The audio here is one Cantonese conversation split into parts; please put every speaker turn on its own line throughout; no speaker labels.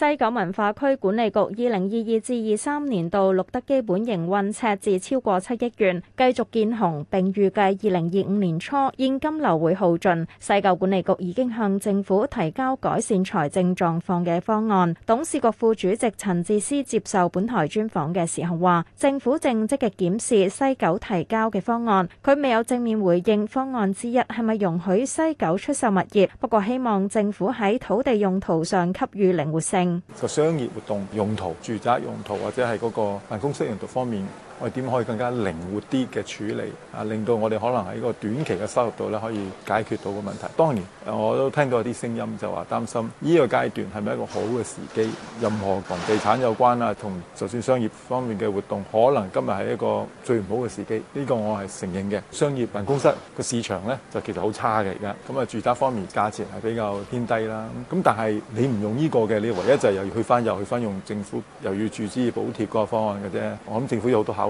西九文化區管理局2022至23年度錄得基本營運赤字超過七億元，繼續見紅。並預計2025年初現金流會耗盡。西九管理局已經向政府提交改善財政狀況嘅方案。董事局副主席陳智思接受本台專訪嘅時候話，政府正積極檢視西九提交嘅方案。佢未有正面回應方案之一係咪容許西九出售物業。不過希望政府喺土地用途上給予靈活性。
個商業活動用途、住宅用途，或者係嗰個辦公室用途方面。我點可以更加靈活啲嘅處理啊，令到我哋可能喺個短期嘅收入度咧可以解決到個問題。當然，我都聽到一啲聲音就話擔心呢個階段係咪一個好嘅時機？任何房地產有關啊，同就算商業方面嘅活動，可能今日係一個最唔好嘅時機。呢個我係承認嘅。商業辦公室個市場呢，就其實好差嘅而家。咁啊，住宅方面價錢係比較偏低啦。咁但係你唔用呢個嘅，你唯一就係又要去翻又去翻用政府又要注資補貼嗰個方案嘅啫。我諗政府有好多考。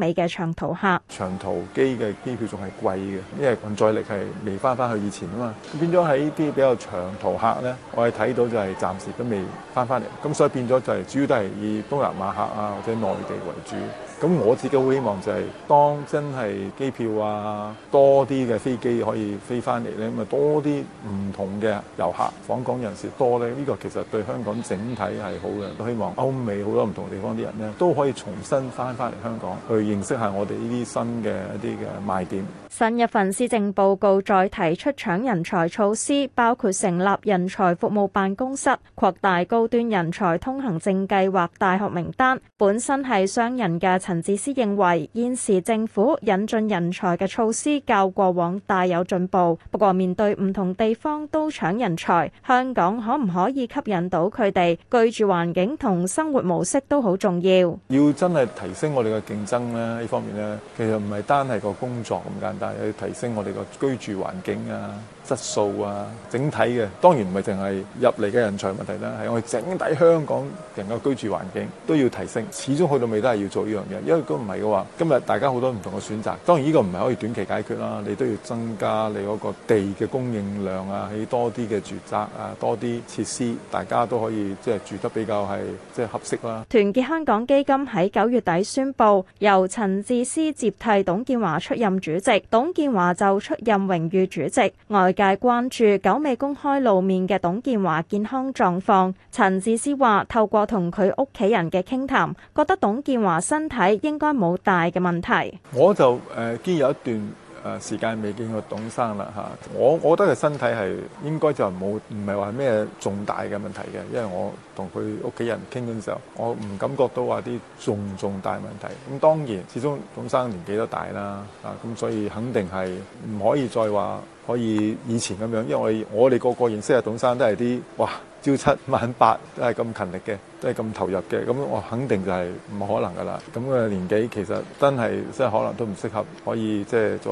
美嘅長途客，
長途機嘅機票仲係貴嘅，因為運載力係未翻翻去以前啊嘛。變咗喺啲比較長途客咧，我哋睇到就係暫時都未翻翻嚟，咁所以變咗就係主要都係以東南亞客啊或者內地為主。咁我自己好希望就係當真係機票啊，多啲嘅飛機可以飛翻嚟咧，咁啊多啲唔同嘅遊客訪港人士多咧，呢個其實對香港整體係好嘅。都希望歐美好多唔同的地方啲人咧都可以重新翻翻嚟香港去認識下我哋呢啲新嘅一啲嘅賣點。
新一份施政報告再提出搶人才措施，包括成立人才服務辦公室，擴大高端人才通行證計劃大學名單本身係雙人嘅。陳智思認為，現時政府引進人才嘅措施較過往大有進步。不過，面對唔同地方都搶人才，香港可唔可以吸引到佢哋？居住環境同生活模式都好重要。
要真係提升我哋嘅競爭呢，呢方面呢，其實唔係單係個工作咁簡單，要提升我哋個居住環境啊、質素啊、整體嘅。當然唔係淨係入嚟嘅人才問題啦，係我哋整體香港人嘅居住環境都要提升。始終去到尾都係要做呢樣嘢。因為如果唔係嘅話，今日大家好多唔同嘅選擇。當然，呢個唔係可以短期解決啦。你都要增加你嗰個地嘅供應量啊，起多啲嘅住宅啊，多啲設施，大家都可以即係住得比較係即係合適啦。
團結香港基金喺九月底宣布，由陳智思接替董建華出任主席，董建華就出任榮譽主席。外界關注久未公開露面嘅董建華健康狀況。陳智思話：透過同佢屋企人嘅傾談，覺得董建華身體。應該冇大嘅問題。
我就誒，既然有一段誒時間未見過董生啦吓，我我覺得佢身體係應該就冇，唔係話咩重大嘅問題嘅。因為我同佢屋企人傾嘅時候，我唔感覺到話啲重重大的問題。咁當然，始終董生年紀都大啦，啊，咁所以肯定係唔可以再話。可以以前咁樣，因為我哋個個認識阿董生都係啲哇，朝七晚八都係咁勤力嘅，都係咁投入嘅，咁我肯定就係唔可能噶啦。咁嘅年紀其實真係真係可能都唔適合可以即係再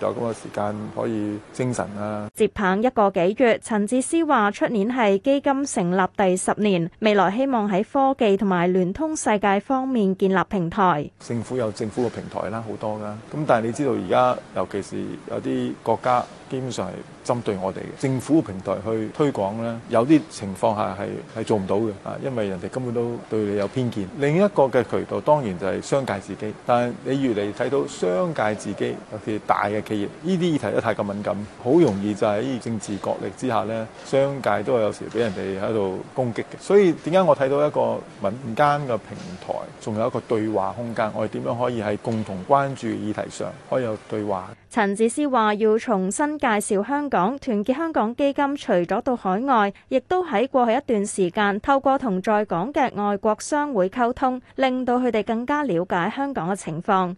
有咁嘅時間可以精神啦、啊。
接棒一個幾月，陳智思話出年係基金成立第十年，未來希望喺科技同埋聯通世界方面建立平台。
政府有政府嘅平台啦，好多噶。咁但係你知道而家尤其是有啲國家。基本上係針對我哋嘅政府嘅平台去推廣咧，有啲情況下係係做唔到嘅啊，因為人哋根本都對你有偏見。另一個嘅渠道當然就係商界自己，但係你越嚟睇到商界自己有啲大嘅企業呢啲議題都太過敏感，好容易就係呢個政治角力之下咧，商界都有時俾人哋喺度攻擊嘅。所以點解我睇到一個民間嘅平台，仲有一個對話空間，我哋點樣可以喺共同關注議題上，可以有對話？
陳智思話：要重新介紹香港，團結香港基金，除咗到海外，亦都喺過去一段時間透過同在港嘅外國商會溝通，令到佢哋更加了解香港嘅情況。